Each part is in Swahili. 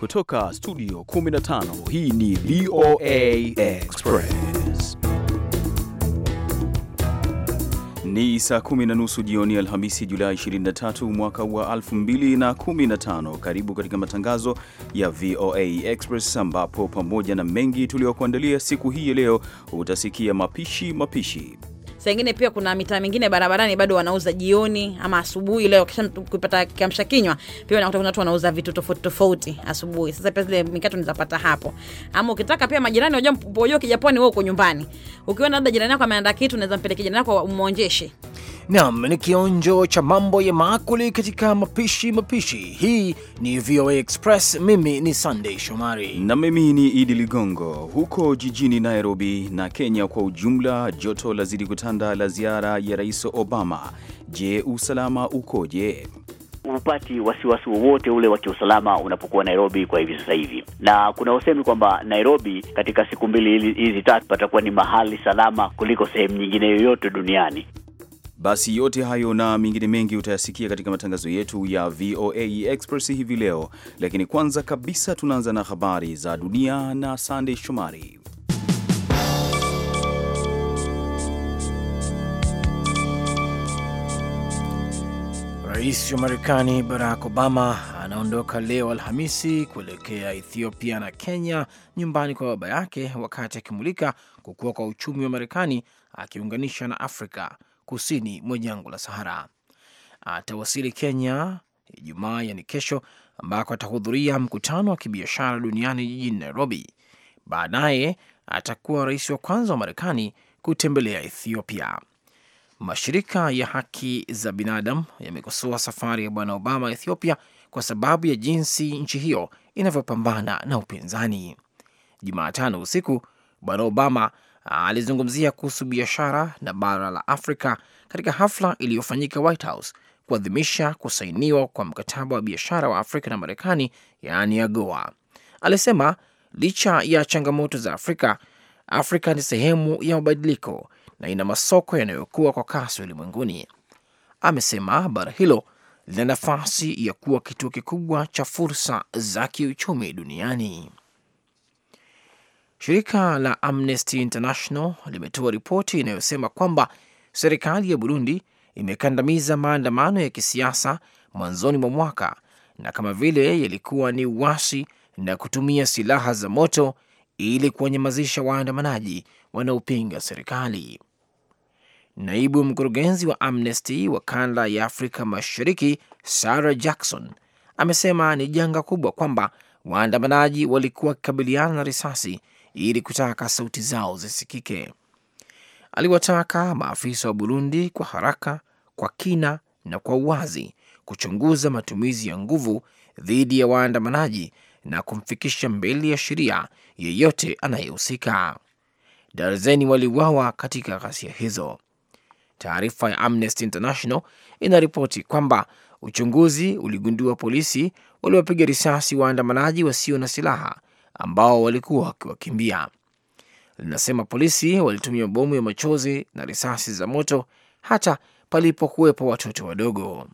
Kutoka studio 15 hii ni VOA Express. Ni saa kumi na nusu jioni Alhamisi, Julai 23 mwaka wa 2015. Karibu katika matangazo ya VOA Express ambapo pamoja na mengi tuliyokuandalia siku hii ya leo utasikia mapishi mapishi Saa pia kuna mitaa mingine barabarani bado wanauza jioni ama asubuhi. Leo kisha kupata kiamsha kinywa, pia unakuta kuna watu wanauza vitu tofauti tofauti asubuhi. Sasa pia zile mikate unazapata hapo, ama ukitaka pia majirani wajua, wajua kijapani wewe uko nyumbani, ukiona labda jirani yako ameandaa kitu, unaweza mpelekea jirani yako umwonjeshe. Nam ni kionjo cha mambo ya maakuli katika mapishi mapishi. Hii ni VOA Express, mimi ni Sunday Shomari na mimi ni Idi Ligongo. Huko jijini Nairobi na Kenya kwa ujumla, joto lazidi kutanda la ziara ya Rais Obama. Je, usalama ukoje? upati wasiwasi wowote ule wa kiusalama unapokuwa Nairobi kwa hivi sasa hivi, na kuna usemi kwamba Nairobi katika siku mbili hizi tatu patakuwa ni mahali salama kuliko sehemu nyingine yoyote duniani. Basi yote hayo na mengine mengi utayasikia katika matangazo yetu ya VOA Express hivi leo, lakini kwanza kabisa tunaanza na habari za dunia na Sandey Shomari. Rais wa Marekani Barack Obama anaondoka leo Alhamisi kuelekea Ethiopia na Kenya, nyumbani kwa baba yake, wakati akimulika kukua kwa uchumi wa Marekani akiunganisha na Afrika kusini mwa jangwa la Sahara. Atawasili Kenya Ijumaa, yani kesho, ambako atahudhuria mkutano wa kibiashara duniani jijini Nairobi. Baadaye atakuwa rais wa kwanza wa Marekani kutembelea Ethiopia. Mashirika ya haki za binadamu yamekosoa safari ya bwana Obama Ethiopia kwa sababu ya jinsi nchi hiyo inavyopambana na upinzani. Jumatano usiku bwana Obama alizungumzia kuhusu biashara na bara la Afrika katika hafla iliyofanyika White House kuadhimisha kusainiwa kwa mkataba wa biashara wa Afrika na Marekani, yaani AGOA. Alisema licha ya changamoto za Afrika, Afrika ni sehemu ya mabadiliko na ina masoko yanayokuwa kwa kasi ulimwenguni. Amesema bara hilo lina nafasi ya kuwa kituo kikubwa cha fursa za kiuchumi duniani. Shirika la Amnesty International limetoa ripoti inayosema kwamba serikali ya Burundi imekandamiza maandamano ya kisiasa mwanzoni mwa mwaka na kama vile yalikuwa ni uasi na kutumia silaha za moto ili kuwanyamazisha waandamanaji wanaopinga serikali. Naibu mkurugenzi wa Amnesty wa kanda ya Afrika Mashariki, Sarah Jackson, amesema ni janga kubwa kwamba waandamanaji walikuwa wakikabiliana na risasi ili kutaka sauti zao zisikike. Aliwataka maafisa wa Burundi kwa haraka, kwa kina na kwa uwazi kuchunguza matumizi ya nguvu dhidi ya waandamanaji na kumfikisha mbele ya sheria yeyote anayehusika. Darzeni waliuawa katika ghasia hizo. Taarifa ya Amnesty International inaripoti kwamba uchunguzi uligundua polisi waliwapiga risasi waandamanaji wasio na silaha ambao walikuwa wakiwakimbia. Linasema polisi walitumia mabomu ya machozi na risasi za moto hata palipokuwepo watoto wadogo.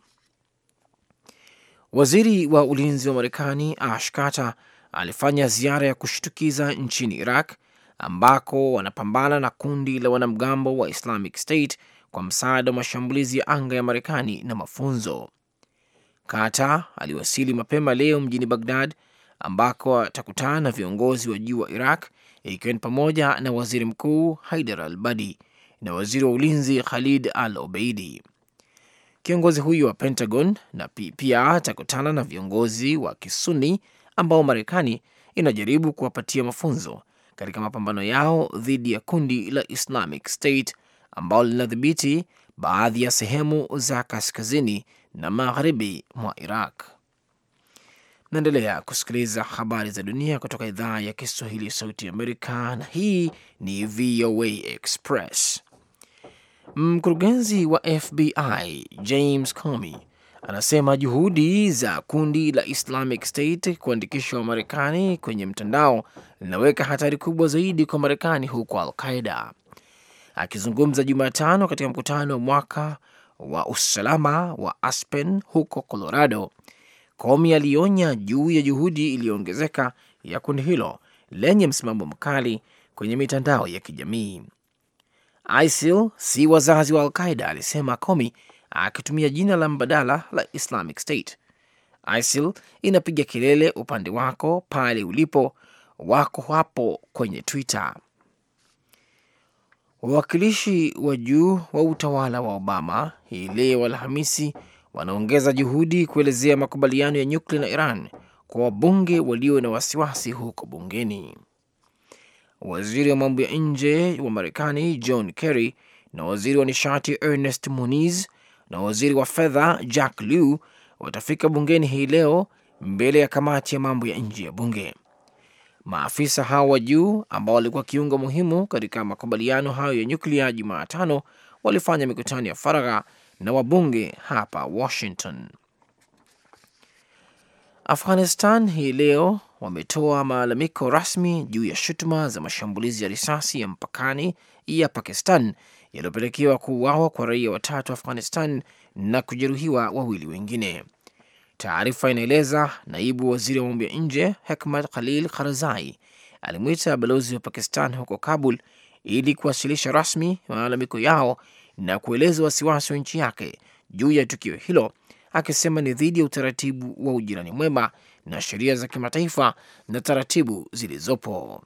Waziri wa ulinzi wa Marekani Ash Carter alifanya ziara ya kushtukiza nchini Iraq ambako wanapambana na kundi la wanamgambo wa Islamic State kwa msaada wa mashambulizi ya anga ya Marekani na mafunzo. Carter aliwasili mapema leo mjini Bagdad ambako atakutana na viongozi wa juu wa Iraq ikiwa ni pamoja na waziri mkuu Haidar al-Badi na waziri wa ulinzi Khalid al-Obeidi. Kiongozi huyu wa Pentagon na pia atakutana na viongozi wa Kisuni ambao Marekani inajaribu kuwapatia mafunzo katika mapambano yao dhidi ya kundi la Islamic State ambalo linadhibiti baadhi ya sehemu za kaskazini na magharibi mwa Iraq. Naendelea kusikiliza habari za dunia kutoka idhaa ya Kiswahili ya Sauti ya Amerika, na hii ni VOA Express. Mkurugenzi wa FBI James Comey anasema juhudi za kundi la Islamic State wa marekani kwenye mtandao linaweka hatari kubwa zaidi kwa Marekani huko Al Qaida. Akizungumza Jumatano katika mkutano wa mwaka wa usalama wa Aspen huko Colorado, Komi alionya juu ya juhudi iliyoongezeka ya kundi hilo lenye msimamo mkali kwenye mitandao ya kijamii. ISIL si wazazi wa Alqaida, alisema Komi akitumia jina la mbadala la Islamic State. ISIL inapiga kelele upande wako pale ulipo, wako hapo kwenye Twitter. Wawakilishi wa juu wa utawala wa Obama hii leo Alhamisi wanaongeza juhudi kuelezea makubaliano ya nyuklia na Iran kwa wabunge walio na wasiwasi huko bungeni. Waziri wa mambo ya nje wa Marekani John Kerry na waziri wa nishati Ernest Moniz na waziri wa fedha Jack Lew watafika bungeni hii leo mbele ya kamati ya mambo ya nje ya bunge. Maafisa hao wa juu ambao walikuwa kiungo muhimu katika makubaliano hayo ya nyuklia Jumatano walifanya mikutano ya faragha na wabunge hapa Washington. Afghanistan hii leo wametoa malalamiko rasmi juu ya shutuma za mashambulizi ya risasi ya mpakani ya Pakistan yaliyopelekewa kuuawa kwa raia watatu Afghanistan na kujeruhiwa wawili wengine. Taarifa inaeleza naibu waziri wa mambo ya nje Hekmat Khalil Karzai alimwita balozi wa Pakistan huko Kabul ili kuwasilisha rasmi malalamiko yao na kueleza wasiwasi wa nchi yake juu ya tukio hilo, akisema ni dhidi ya utaratibu wa ujirani mwema na sheria za kimataifa na taratibu zilizopo.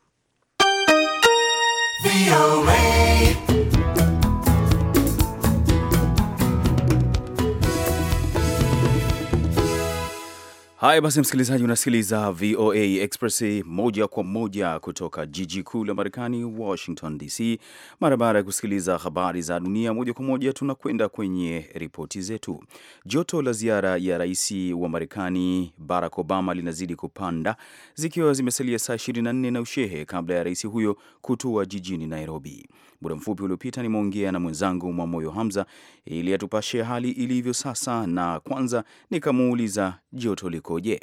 Haya basi, msikilizaji, unasikiliza VOA Express moja kwa moja kutoka jiji kuu la Marekani, Washington DC. Mara baada ya kusikiliza habari za dunia moja kwa moja, tunakwenda kwenye ripoti zetu. Joto la ziara ya rais wa Marekani Barack Obama linazidi kupanda, zikiwa zimesalia saa 24 na ushehe kabla ya rais huyo kutua jijini Nairobi. Muda mfupi uliopita nimeongea na mwenzangu Mwamoyo Hamza ili atupashe hali ilivyo sasa, na kwanza nikamuuliza joto likoje.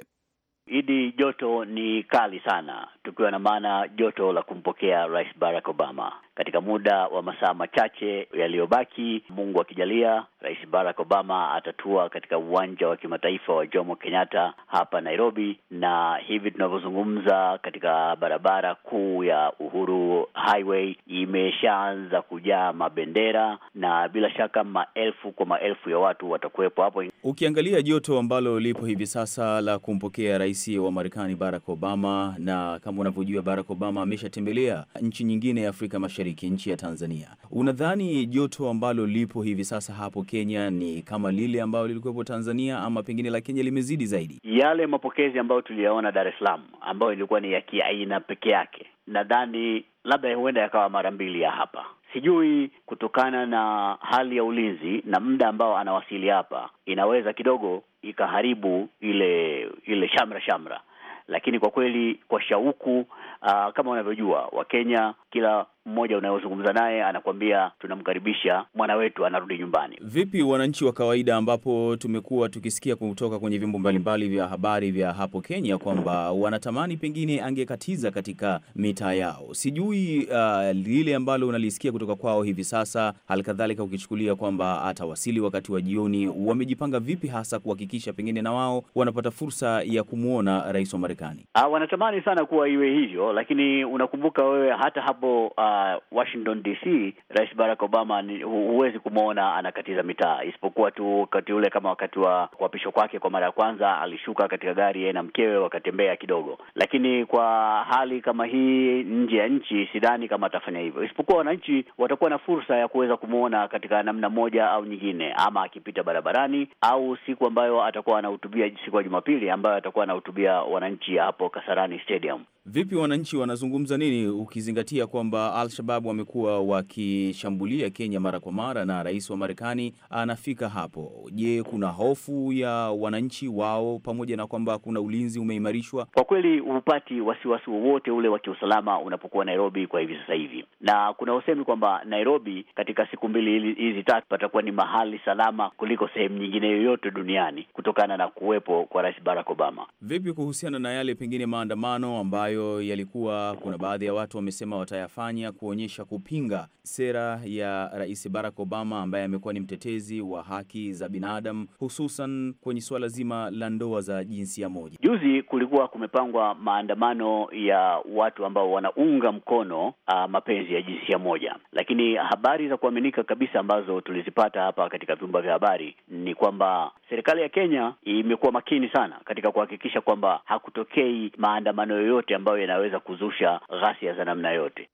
Idi, joto ni kali sana, tukiwa na maana joto la kumpokea Rais Barack Obama katika muda wa masaa machache yaliyobaki, Mungu akijalia, Rais Barack Obama atatua katika uwanja wa kimataifa wa Jomo Kenyatta hapa Nairobi, na hivi tunavyozungumza, katika barabara kuu ya Uhuru Highway imeshaanza kujaa mabendera, na bila shaka maelfu kwa maelfu ya watu watakuwepo hapo. Ukiangalia joto ambalo lipo hivi sasa la kumpokea rais wa Marekani Barack Obama, na kama unavyojua Barack Obama ameshatembelea nchi nyingine ya Afrika Mashariki Mashariki, nchi ya Tanzania, unadhani joto ambalo lipo hivi sasa hapo Kenya ni kama lile ambalo lilikuwepo Tanzania, ama pengine la Kenya limezidi zaidi? Yale mapokezi ambayo tuliyaona Dar es Salaam, ambayo ilikuwa ni ya kiaina peke yake, nadhani labda huenda yakawa mara mbili ya hapa sijui kutokana na hali ya ulinzi na muda ambao anawasili hapa, inaweza kidogo ikaharibu ile ile shamra shamra, lakini kwa kweli kwa shauku aa, ah, kama unavyojua Wakenya kila mmoja unayozungumza naye anakuambia tunamkaribisha mwana wetu anarudi nyumbani. Vipi wananchi wa kawaida, ambapo tumekuwa tukisikia kutoka kwenye vyombo mbalimbali vya habari vya hapo Kenya kwamba wanatamani pengine angekatiza katika mitaa yao, sijui uh, lile ambalo unalisikia kutoka kwao hivi sasa, halikadhalika ukichukulia kwamba atawasili wakati wa jioni, wamejipanga vipi hasa kuhakikisha pengine na wao wanapata fursa ya kumwona rais wa Marekani? Ah, wanatamani sana kuwa iwe hivyo, lakini unakumbuka wewe hata hapo uh, Uh, Washington DC, Rais Barack Obama ni, huwezi kumwona anakatiza mitaa, isipokuwa tu wakati ule kama wakati wa kuapishwa kwake kwa mara ya kwanza, alishuka katika gari yeye na mkewe wakatembea kidogo, lakini kwa hali kama hii nje ya nchi sidhani kama atafanya hivyo, isipokuwa wananchi watakuwa na fursa ya kuweza kumwona katika namna moja au nyingine, ama akipita barabarani au siku ambayo atakuwa anahutubia, siku ya Jumapili ambayo atakuwa anahutubia wananchi hapo Kasarani Stadium. Vipi wananchi wanazungumza nini, ukizingatia kwamba al shabab wamekuwa wakishambulia Kenya mara kwa mara na rais wa Marekani anafika hapo? Je, kuna hofu ya wananchi wao, pamoja na kwamba kuna ulinzi umeimarishwa? Kwa kweli hupati wasiwasi wowote ule wa kiusalama unapokuwa Nairobi kwa hivi sasa hivi, na kuna usemi kwamba Nairobi katika siku mbili hizi tatu patakuwa ni mahali salama kuliko sehemu nyingine yoyote duniani kutokana na kuwepo kwa Rais Barack Obama. Vipi kuhusiana na yale pengine maandamano ambayo ambayo yalikuwa kuna baadhi ya watu wamesema watayafanya kuonyesha kupinga sera ya Rais Barack Obama ambaye amekuwa ni mtetezi wa haki za binadamu hususan kwenye suala zima la ndoa za jinsia moja. Juzi kulikuwa kumepangwa maandamano ya watu ambao wanaunga mkono a, ah, mapenzi ya jinsia moja, lakini habari za kuaminika kabisa ambazo tulizipata hapa katika vyumba vya habari ni kwamba serikali ya Kenya imekuwa makini sana katika kuhakikisha kwamba hakutokei maandamano yoyote ambayo yanaweza kuzusha ghasia za namna yote.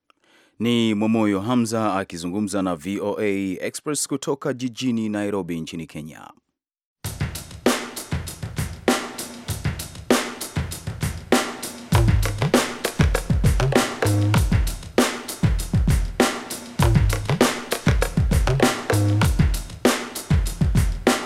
Ni Mwamoyo Hamza akizungumza na VOA Express kutoka jijini Nairobi nchini Kenya.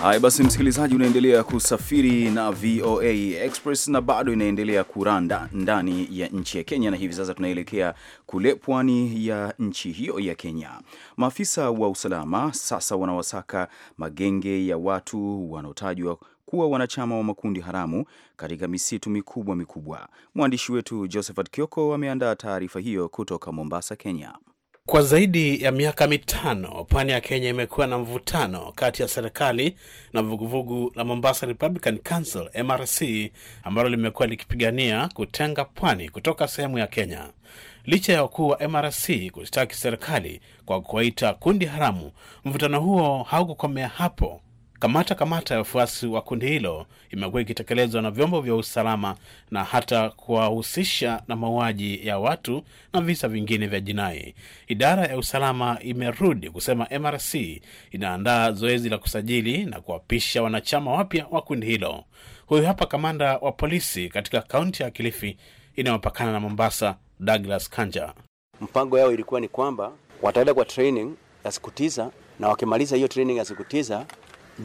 Haya basi, msikilizaji, unaendelea kusafiri na VOA Express na bado inaendelea kuranda ndani ya nchi ya Kenya, na hivi sasa tunaelekea kule pwani ya nchi hiyo ya Kenya. Maafisa wa usalama sasa wanawasaka magenge ya watu wanaotajwa kuwa wanachama wa makundi haramu katika misitu mikubwa mikubwa. Mwandishi wetu Josephat Kioko ameandaa taarifa hiyo kutoka Mombasa, Kenya. Kwa zaidi ya miaka mitano pwani ya Kenya imekuwa na mvutano kati ya serikali na vuguvugu la Mombasa Republican Council MRC ambalo limekuwa likipigania kutenga pwani kutoka sehemu ya Kenya. Licha ya wakuu wa MRC kushtaki serikali kwa kuwaita kundi haramu, mvutano huo haukukomea hapo, Kamata kamata ya wafuasi wa kundi hilo imekuwa ikitekelezwa na vyombo vya usalama na hata kuwahusisha na mauaji ya watu na visa vingine vya jinai. Idara ya usalama imerudi kusema MRC inaandaa zoezi la kusajili na kuwapisha wanachama wapya wa kundi hilo. Huyu hapa kamanda wa polisi katika kaunti ya Kilifi inayopakana na Mombasa, Douglas Kanja. Mpango yao ilikuwa ni kwamba wataenda kwa training ya siku tisa na wakimaliza hiyo training ya siku tisa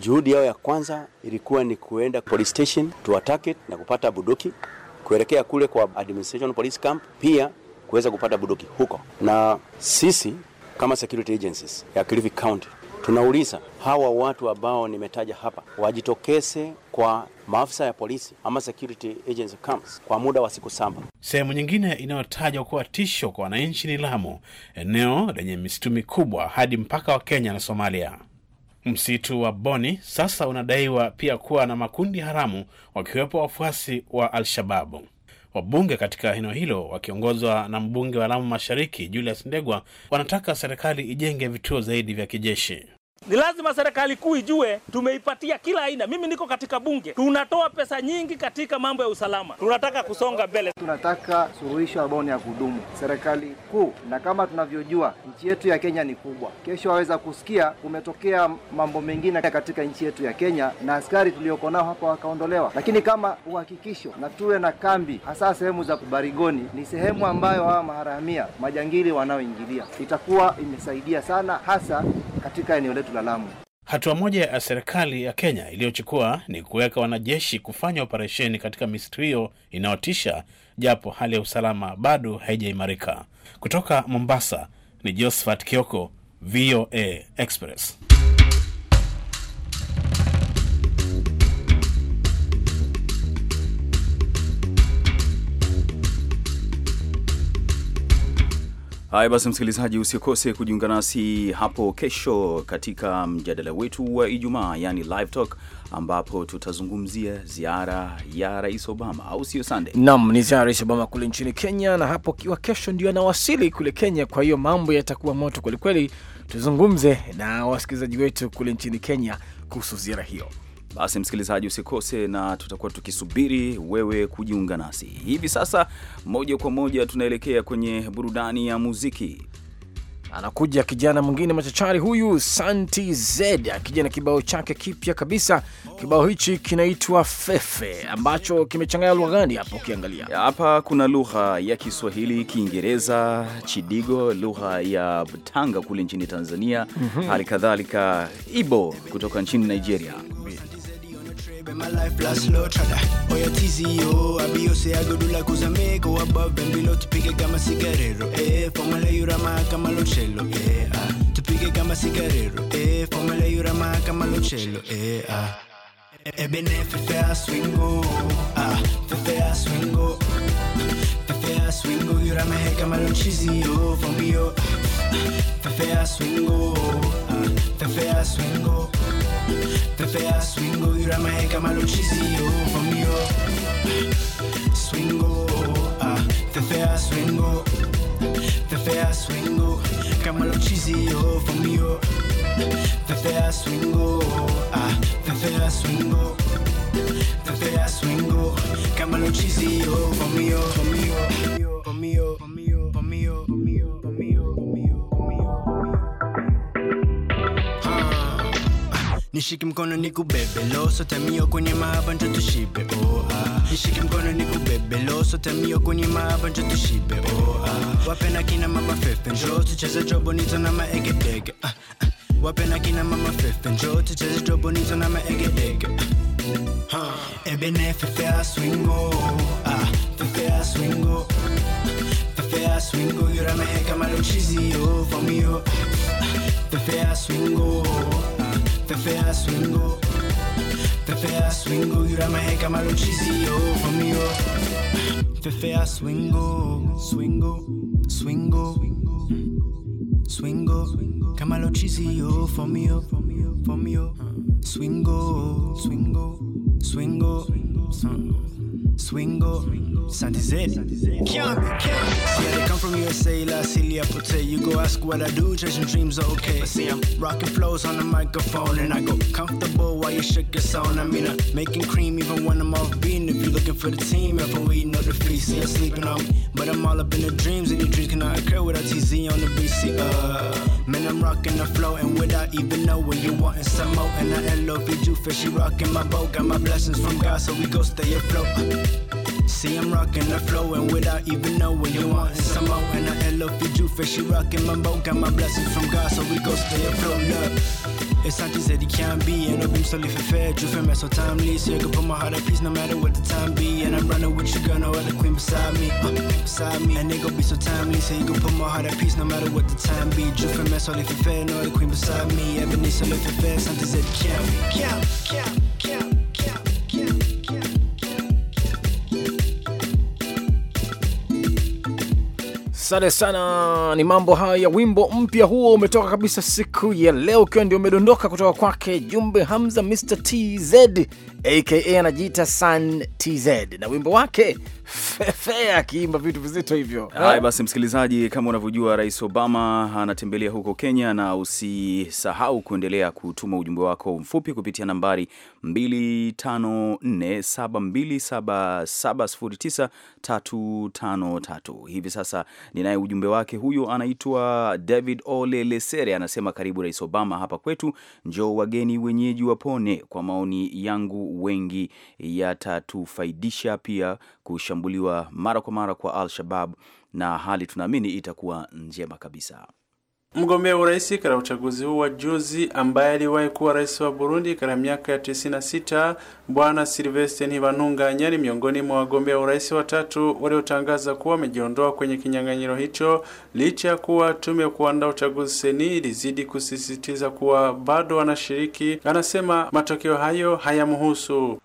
Juhudi yao ya kwanza ilikuwa ni kuenda police station attack it na kupata buduki, kuelekea kule kwa administration police camp, pia kuweza kupata buduki huko. Na sisi kama security agencies ya Kilifi County tunauliza hawa watu ambao nimetaja hapa wajitokeze kwa maafisa ya polisi ama security agency camps kwa muda wa siku saba. Sehemu nyingine inayotajwa kuwa tisho kwa wananchi ni Lamu, eneo lenye misitu mikubwa hadi mpaka wa Kenya na Somalia. Msitu wa Boni sasa unadaiwa pia kuwa na makundi haramu wakiwepo wafuasi wa Al-Shababu. Wabunge katika eneo hilo wakiongozwa na mbunge wa Lamu Mashariki Julius Ndegwa wanataka serikali ijenge vituo zaidi vya kijeshi. Ni lazima serikali kuu ijue tumeipatia kila aina. Mimi niko katika bunge, tunatoa pesa nyingi katika mambo ya usalama. Tunataka kusonga mbele, tunataka suluhisho ambao ni ya kudumu, serikali kuu. Na kama tunavyojua nchi yetu ya Kenya ni kubwa, kesho waweza kusikia umetokea mambo mengine katika nchi yetu ya Kenya na askari tulioko nao hapa wakaondolewa. Lakini kama uhakikisho na tuwe na kambi, hasa sehemu za kubarigoni, ni sehemu ambayo hawa maharamia majangili wanaoingilia, itakuwa imesaidia sana hasa katika eneo letu la Lamu. Hatua moja ya serikali ya Kenya iliyochukua ni kuweka wanajeshi kufanya operesheni katika misitu hiyo inayotisha, japo hali ya usalama bado haijaimarika. Kutoka Mombasa ni Josephat Kioko, VOA Express. Haya basi, msikilizaji, usikose kujiunga nasi hapo kesho katika mjadala wetu wa Ijumaa, yani live talk, ambapo tutazungumzia ziara ya Rais Obama, au sio Sunday? Naam, ni ziara ya Rais Obama kule nchini Kenya, na hapo kiwa kesho ndio anawasili kule Kenya. Kwa hiyo mambo yatakuwa moto kwelikweli, tuzungumze na wasikilizaji wetu kule nchini Kenya kuhusu ziara hiyo. Basi msikilizaji, usikose na tutakuwa tukisubiri wewe kujiunga nasi. Hivi sasa moja kwa moja tunaelekea kwenye burudani ya muziki. Anakuja kijana mwingine machachari huyu Santi Z akija na kibao chake kipya kabisa. Kibao hichi kinaitwa Fefe, ambacho kimechanganya lugha gani hapo? Ukiangalia hapa kuna lugha ya Kiswahili, Kiingereza, Chidigo, lugha ya Tanga kule nchini Tanzania, mhm. hali kadhalika ibo kutoka nchini Nigeria. Baby, my life last low chada. Oh yeah, TZ, oh, I be yo say I go do like uzame, go above and below, tupige kama cigarero, eh, fomale yurama kama lo cello, eh, ah, tupige kama cigarero, eh, fomale yurama kama lo cello, eh, ah. Ebene eh, eh, fefea swingo, ah, fefea swingo, fefea swingo, yurama kama lo chizi, oh, fomio, oh. ah, fefea swingo, ah, fefea swingo a swingo yura maeka maluchisio conmigo Swingo, ah, a swingo a swingo, camaluchisio conmigo PPA swingo, ah, PPA swingo PPA swingo, camaluchisio conmigo, conmigo, conmigo nishike mkono nikubebe lo sote mio kwenye mahaba njo tushibe oh, ah. nishike mkono nikubebe lo sote mio kwenye mahaba njo tushibe oh, ah. wapena kina mabafefe njo tucheze jobo nito na maegedege ah, ah. wapena kina mamafefe njo tucheze jobo nito na maegedege ah. huh. ebene a swingo ah, a swingo a swingo yura famio, malomshizio vamio a swingo fea swingo fea swingo Yuramae Kamaru Chizio conmigo fea swingo Swingo Swingo Swingo Kamaru Chizio for me For me For me Swingo Swingo Swingo Swingo Swingo, Santizet. Young, yeah, they come from USA, La Cilia Pote. You go ask what I do, chasing dreams are okay. I see I'm rocking flows on the microphone, and I go comfortable while you shake your sound. I mean, I'm making cream even when I'm off beating. If you're looking for the team, if we know the fee, see, I'm sleeping on me. But I'm all up in the dreams, and your dreams cannot occur without TZ on the BC. Uh, man, I'm rocking the flow, and without even knowing you wanting some more. And I love you, fishy rocking my boat. Got my blessings from God, so we go stay afloat. See, I'm rocking the flow and without even knowing you want some more. And I love you, Juve, she rocking my boat. Got my blessings from God, so we go stay afloat, love. It's antes att det kan bli En uppgift som lever fed, du för mig så timely Så jag går put my heart at peace no matter what the time be And I'm running with you girl, no other queen beside me uh, Beside me, and they gon' be so timely Så jag går på my heart at peace no matter what the time be Du för mig så lever fair, no other queen beside me Ebony Även ni som lever fed, samtidigt att det kan bli Kan, kan Asante sana, ni mambo haya ya wimbo mpya huo umetoka kabisa siku ya leo, ukiwa ndio umedondoka kutoka kwake Jumbe Hamza, Mr TZ aka anajiita San TZ na wimbo wake Fefe akiimba vitu vizito hivyo. Haya basi, msikilizaji, kama unavyojua Rais Obama anatembelea huko Kenya, na usisahau kuendelea kutuma ujumbe wako mfupi kupitia nambari 254727709353. Hivi sasa ninaye ujumbe wake, huyo anaitwa David Ole Lesere, anasema karibu Rais Obama hapa kwetu, njoo wageni wenyeji wapone. Kwa maoni yangu wengi yatatufaidisha pia kusha kushambuliwa mara kwa mara kwa Al Shabab, na hali tunaamini itakuwa njema kabisa. Mgombea urais katika uchaguzi huu wa juzi ambaye aliwahi kuwa rais wa Burundi katika miaka ya 96 bwana Silvestre Ntibantunganya ni miongoni mwa wagombea urais watatu waliotangaza kuwa wamejiondoa kwenye kinyang'anyiro hicho, licha ya kuwa tume ya kuandaa uchaguzi seni ilizidi kusisitiza kuwa bado wanashiriki. Anasema matokeo hayo hayamhusu.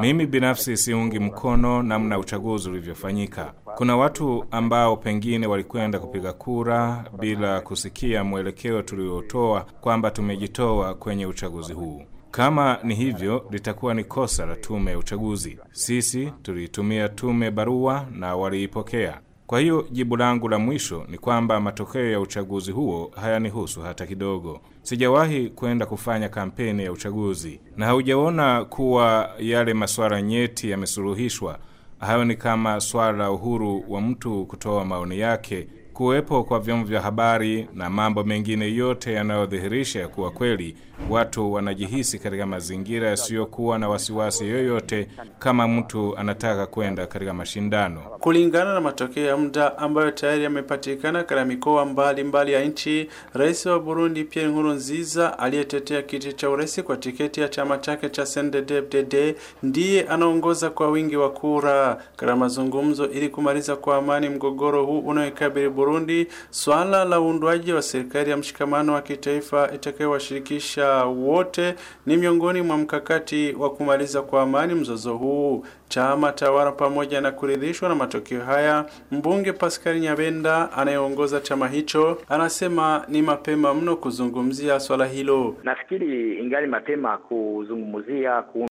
Mimi binafsi siungi mkono namna uchaguzi ulivyofanyika. Kuna watu ambao pengine walikwenda kupiga kura bila kusikia mwelekeo tuliotoa kwamba tumejitoa kwenye uchaguzi huu. Kama ni hivyo, litakuwa ni kosa la tume ya uchaguzi. Sisi tuliitumia tume barua na waliipokea. Kwa hiyo jibu langu la mwisho ni kwamba matokeo ya uchaguzi huo hayanihusu hata kidogo sijawahi kwenda kufanya kampeni ya uchaguzi na haujaona kuwa yale masuala nyeti yamesuluhishwa. Hayo ni kama swala la uhuru wa mtu kutoa maoni yake kuwepo kwa vyombo vya habari na mambo mengine yote yanayodhihirisha kuwa kweli watu wanajihisi katika mazingira yasiyokuwa na wasiwasi yoyote kama mtu anataka kwenda katika mashindano. Kulingana na matokeo ya muda ambayo tayari yamepatikana katika mikoa mbalimbali ya nchi, Rais wa Burundi Pierre Nkurunziza aliyetetea kiti cha urais kwa tiketi ya chama chake cha CNDD-FDD ndiye anaongoza kwa wingi wa kura katika mazungumzo ili kumaliza kwa amani mgogoro huu unaoikabili Burundi. Burundi swala la uundwaji wa serikali ya mshikamano wa kitaifa itakayowashirikisha wote ni miongoni mwa mkakati wa kumaliza kwa amani mzozo huu. Chama tawala pamoja na kuridhishwa na matokeo haya, mbunge Pascal Nyabenda anayeongoza chama hicho anasema ni mapema mno kuzungumzia swala hilo. Nafikiri ingali mapema kuzungumzia ku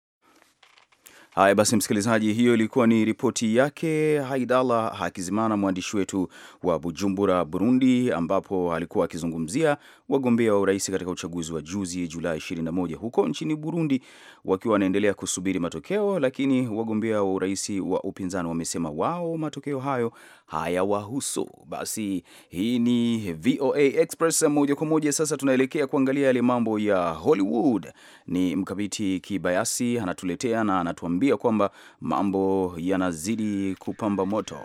Haya basi, msikilizaji, hiyo ilikuwa ni ripoti yake Haidala Hakizimana, mwandishi wetu wa Bujumbura, Burundi, ambapo alikuwa akizungumzia wagombea wa urais katika uchaguzi wa juzi Julai 21 huko nchini Burundi wakiwa wanaendelea kusubiri matokeo, lakini wagombea wa urais wa upinzani wamesema wao matokeo hayo hayawahusu. Basi hii ni VOA Express moja kwa moja. Sasa tunaelekea kuangalia yale mambo ya Hollywood. Ni Mkabiti Kibayasi anatuletea na anatuambia kwamba mambo yanazidi kupamba moto.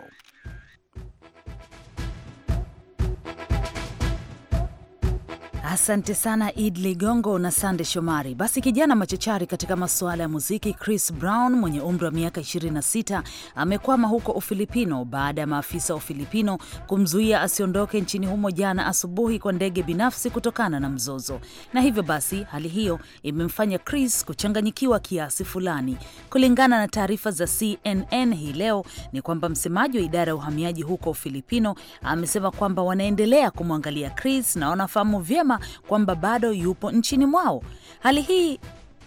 Asante sana Id Ligongo na Sande Shomari. Basi kijana machachari katika masuala ya muziki Chris Brown mwenye umri wa miaka 26 amekwama huko Ufilipino baada ya maafisa wa Ufilipino kumzuia asiondoke nchini humo jana asubuhi kwa ndege binafsi kutokana na mzozo, na hivyo basi hali hiyo imemfanya Chris kuchanganyikiwa kiasi fulani. Kulingana na taarifa za CNN hii leo ni kwamba msemaji wa idara ya uhamiaji huko Ufilipino amesema kwamba wanaendelea kumwangalia Chris na wanafahamu vyema kwamba bado yupo nchini mwao. Hali hii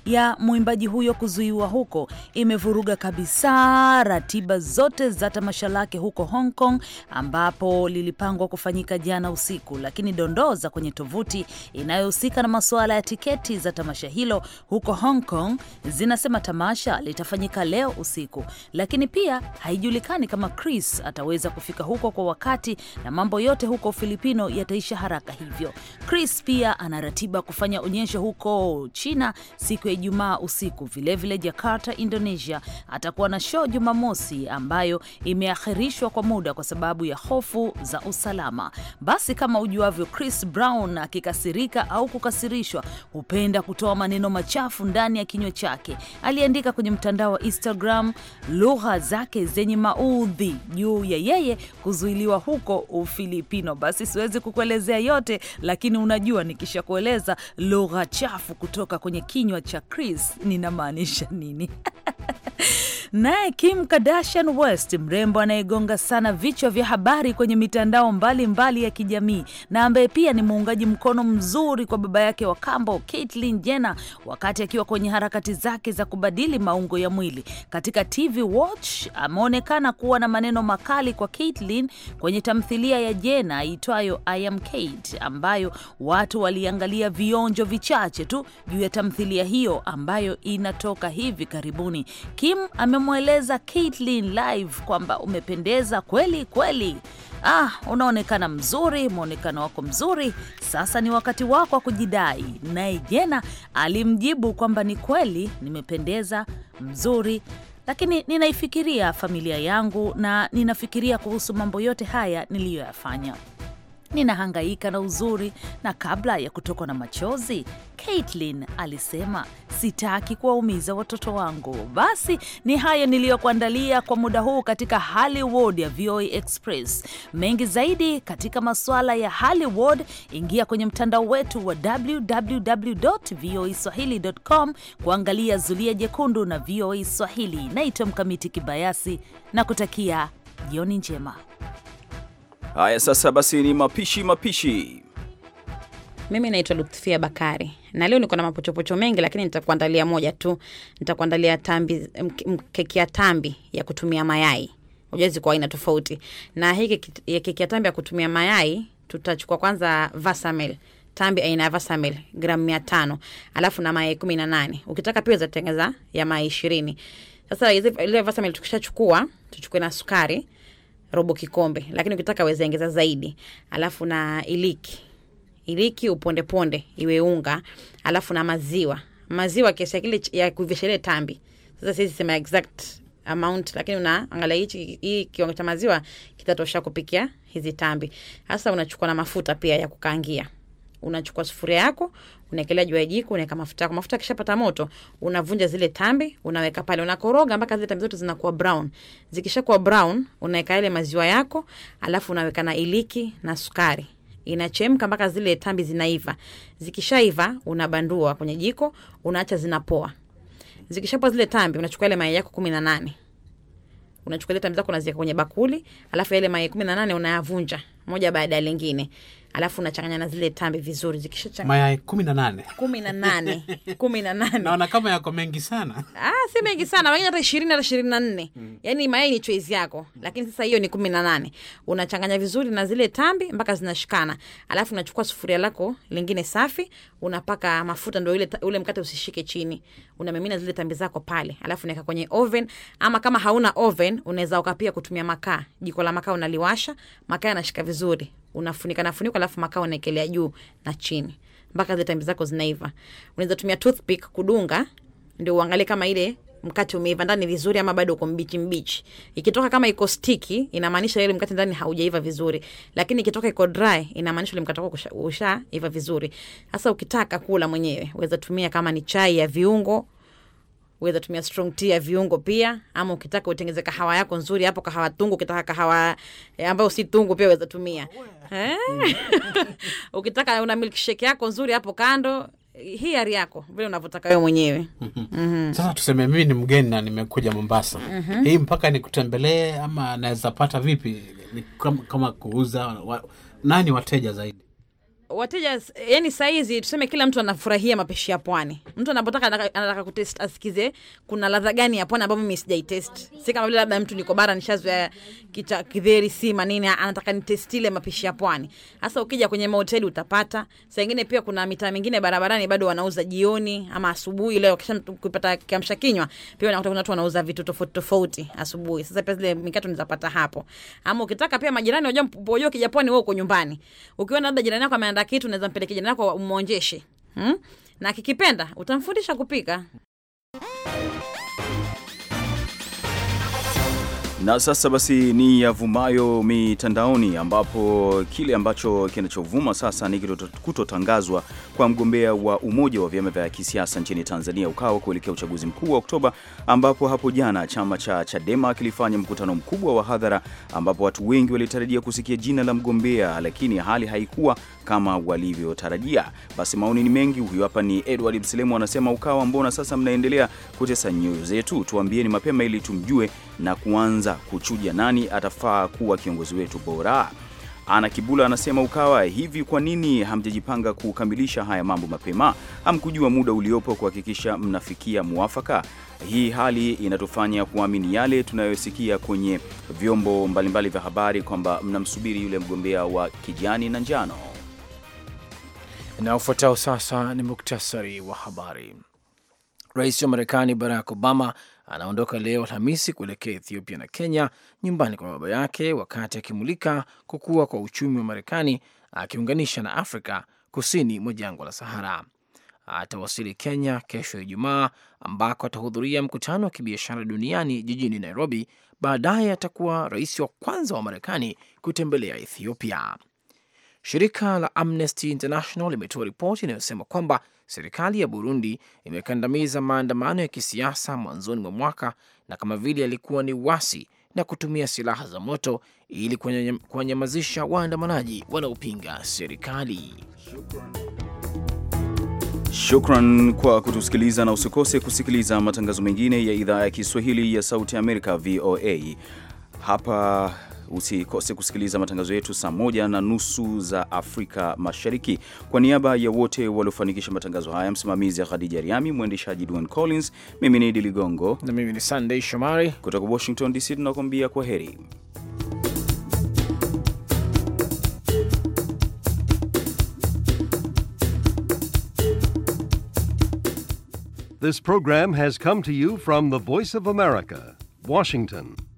ya mwimbaji huyo kuzuiwa huko imevuruga kabisa ratiba zote za tamasha lake huko Hong Kong ambapo lilipangwa kufanyika jana usiku, lakini dondoo za kwenye tovuti inayohusika na masuala ya tiketi za tamasha hilo huko Hong Kong zinasema tamasha litafanyika leo usiku, lakini pia haijulikani kama Chris ataweza kufika huko kwa wakati na mambo yote huko Ufilipino yataisha haraka hivyo. Chris pia ana ratiba kufanya onyesho huko China siku ya Ijumaa usiku. Vilevile Jakarta, Indonesia atakuwa na show Jumamosi ambayo imeahirishwa kwa muda kwa sababu ya hofu za usalama. Basi kama ujuavyo, Chris Brown akikasirika au kukasirishwa hupenda kutoa maneno machafu ndani ya kinywa chake. Aliandika kwenye mtandao wa Instagram lugha zake zenye maudhi juu ya yeye kuzuiliwa huko Ufilipino. Basi siwezi kukuelezea yote, lakini unajua nikishakueleza lugha chafu kutoka kwenye kinywa cha Chris, ninamaanisha nini? Naye Kim Kardashian West, mrembo anayegonga sana vichwa vya habari kwenye mitandao mbalimbali mbali ya kijamii na ambaye pia ni muungaji mkono mzuri kwa baba yake wa kambo Caitlyn Jenner, wakati akiwa kwenye harakati zake za kubadili maungo ya mwili, katika TV Watch ameonekana kuwa na maneno makali kwa Caitlyn kwenye tamthilia ya Jenner iitwayo I Am Kate, ambayo watu waliangalia vionjo vichache tu juu ya tamthilia hiyo ambayo inatoka hivi karibuni. Kim ame amemweleza Caitlyn live kwamba umependeza kweli kweli. Ah, unaonekana mzuri, mwonekano wako mzuri, sasa ni wakati wako wa kujidai. Naye Jena alimjibu kwamba ni kweli nimependeza, mzuri, lakini ninaifikiria familia yangu na ninafikiria kuhusu mambo yote haya niliyoyafanya ninahangaika na uzuri, na kabla ya kutokwa na machozi, Caitlin alisema sitaki kuwaumiza watoto wangu. Basi ni hayo niliyokuandalia kwa muda huu katika Hollywood ya VOA Express. Mengi zaidi katika masuala ya Hollywood, ingia kwenye mtandao wetu wa swahili.com kuangalia Zulia Jekundu na VOA Swahili. Naitwa Mkamiti Kibayasi na kutakia jioni njema. Haya, sasa basi ni mapishi mapishi. Mimi naitwa Lutfia Bakari na leo niko na mapochopocho mengi, lakini nitakuandalia moja tu. Nitakuandalia tambi, keki ya tambi ya kutumia mayai. Unajua kwa aina tofauti, na hii keki ya tambi ya kutumia mayai tutachukua kwanza vasamel tambi aina ya vasamel gramu mia tano alafu na mayai kumi na nane ukitaka pia zatengeza ya mayai ishirini Sasa ile vasamel tukishachukua, tuchukue na sukari robo kikombe, lakini ukitaka weza ongeza zaidi. Alafu na iliki, iliki uponde ponde iwe unga, alafu na maziwa, maziwa kiasi kile ya kuvishele tambi. Sasa sisi sema exact amount, lakini angalia hichi hii kiwango cha maziwa kitatosha kupikia hizi tambi. Hasa unachukua na mafuta pia ya kukaangia unachukua sufuria yako unaekelea juu ya jiko, unaweka mafuta yako. Mafuta yakishapata moto, unavunja zile tambi, unaweka pale, unakoroga mpaka zile tambi zote zinakuwa brown. Zikishakuwa brown, unaweka yale maziwa yako, alafu unaweka na iliki na sukari inachemka mpaka zile tambi zinaiva. Zikishaiva unabandua kwenye jiko, unaacha zinapoa. Zikishapoa zile tambi, unachukua yale mayai yako kumi na nane unachukua ile tambi zako unaziweka kwenye bakuli, alafu yale mayai kumi na nane unayavunja moja baada ya lingine alafu unachanganya na zile tambi vizuri zikisha kumi na nane kumi na nane kumi na nane naona kama yako mengi sana ah, si mengi sana wengine hata ishirini hata ishirini na nne mm. yaani mayai ni yako lakini sasa hiyo ni kumi na nane unachanganya vizuri na zile tambi mpaka zinashikana alafu unachukua sufuria lako lingine safi unapaka mafuta ndo ule, ule mkate usishike chini unamimina zile tambi zako pale alafu kwenye oven ama kama hauna oven unaweza ukapia kutumia makaa jiko la makaa unaliwasha makaa yanashika vizuri unafunika nafunika, alafu makaa unaekelea juu na chini mpaka zile tambi zako zinaiva. Unaweza tumia toothpick kudunga, ndio uangalie kama ile mkate umeiva ndani vizuri ama bado uko mbichi mbichi. Ikitoka kama iko stiki, inamaanisha ile mkate ndani haujaiva vizuri, lakini ikitoka iko dry, inamaanisha ile mkate wako ushaiva vizuri. Sasa ukitaka kula mwenyewe, waweza tumia kama ni chai ya viungo uweza tumia strong tea ya viungo pia, ama ukitaka utengeze kahawa yako nzuri hapo, kahawa tungu. Ukitaka kahawa eh, ambayo si tungu pia waweza tumia eh. Ukitaka una milkshake yako nzuri hapo kando hiari yako vile unavyotaka wewe mwenyewe. mm -hmm. Sasa tuseme mimi ni mgeni na nimekuja Mombasa. mm -hmm. Hii mpaka nikutembelee ama naweza pata vipi? Kama, kama kuuza wa, nani wateja zaidi? wateja yani, saizi tuseme kila mtu anafurahia mapishi ya pwani. Mtu anapotaka anataka kutest asikize kuna ladha gani ya pwani ambayo mimi sijaitest, si kama vile labda mtu niko bara nishazoea kita kidheri si manini, anataka nitest ile mapishi ya pwani. Hasa ukija kwenye mahoteli utapata saa ingine, pia kuna mitaa mingine barabarani bado wanauza jioni ama asubuhi. Leo kisha kupata kiamsha kinywa, pia unakuta kuna watu wanauza vitu tofauti tofauti asubuhi. Sasa pia zile mikate unazapata hapo, ama ukitaka pia majirani wajua, ukija pwani wewe uko nyumbani, ukiona labda jirani yako ameanda kitu unaweza mpelekea jirani yako umwonjeshe, hmm? na kikipenda utamfundisha kupika. Na sasa basi ni yavumayo mitandaoni, ambapo kile ambacho kinachovuma sasa ni kutotangazwa kwa mgombea wa umoja wa vyama vya kisiasa nchini Tanzania ukawa kuelekea uchaguzi mkuu wa Oktoba, ambapo hapo jana chama cha Chadema kilifanya mkutano mkubwa wa hadhara, ambapo watu wengi walitarajia kusikia jina la mgombea, lakini hali haikuwa kama walivyotarajia. Basi maoni ni mengi. Huyu hapa ni Edward Mselemu anasema, Ukawa, mbona sasa mnaendelea kutesa nyoyo zetu? Tuambieni mapema ili tumjue na kuanza kuchuja nani atafaa kuwa kiongozi wetu bora. Ana Kibula anasema Ukawa, hivi kwa nini hamjajipanga kukamilisha haya mambo mapema? Hamkujua muda uliopo kuhakikisha mnafikia mwafaka? Hii hali inatufanya kuamini yale tunayosikia kwenye vyombo mbalimbali vya habari kwamba mnamsubiri yule mgombea wa kijani na njano. Na ufuatao sasa ni muktasari wa habari. Rais wa Marekani Barack Obama anaondoka leo Alhamisi kuelekea Ethiopia na Kenya, nyumbani kwa baba yake, wakati akimulika kukua kwa uchumi wa Marekani akiunganisha na Afrika kusini mwa jangwa la Sahara. Atawasili Kenya kesho Ijumaa, ambako atahudhuria mkutano wa kibiashara duniani jijini Nairobi. Baadaye atakuwa rais wa kwanza wa Marekani kutembelea Ethiopia. Shirika la Amnesty International limetoa ripoti inayosema kwamba serikali ya Burundi imekandamiza maandamano ya kisiasa mwanzoni mwa mwaka na kama vile yalikuwa ni wasi na kutumia silaha za moto ili kuwanyamazisha waandamanaji wanaopinga serikali. Shukran kwa kutusikiliza na usikose kusikiliza matangazo mengine ya idhaa ya Kiswahili ya Sauti ya Amerika, VOA hapa Usikose kusikiliza matangazo yetu saa moja na nusu za Afrika Mashariki. Kwa niaba ya wote waliofanikisha matangazo haya, msimamizi ya Khadija Riami, mwendeshaji Dwan Collins, mimi ni Idi Ligongo na mimi ni Sandey Shomari kutoka Washington DC, tunakuambia kwa heri. This program has come to you from the Voice of America, Washington.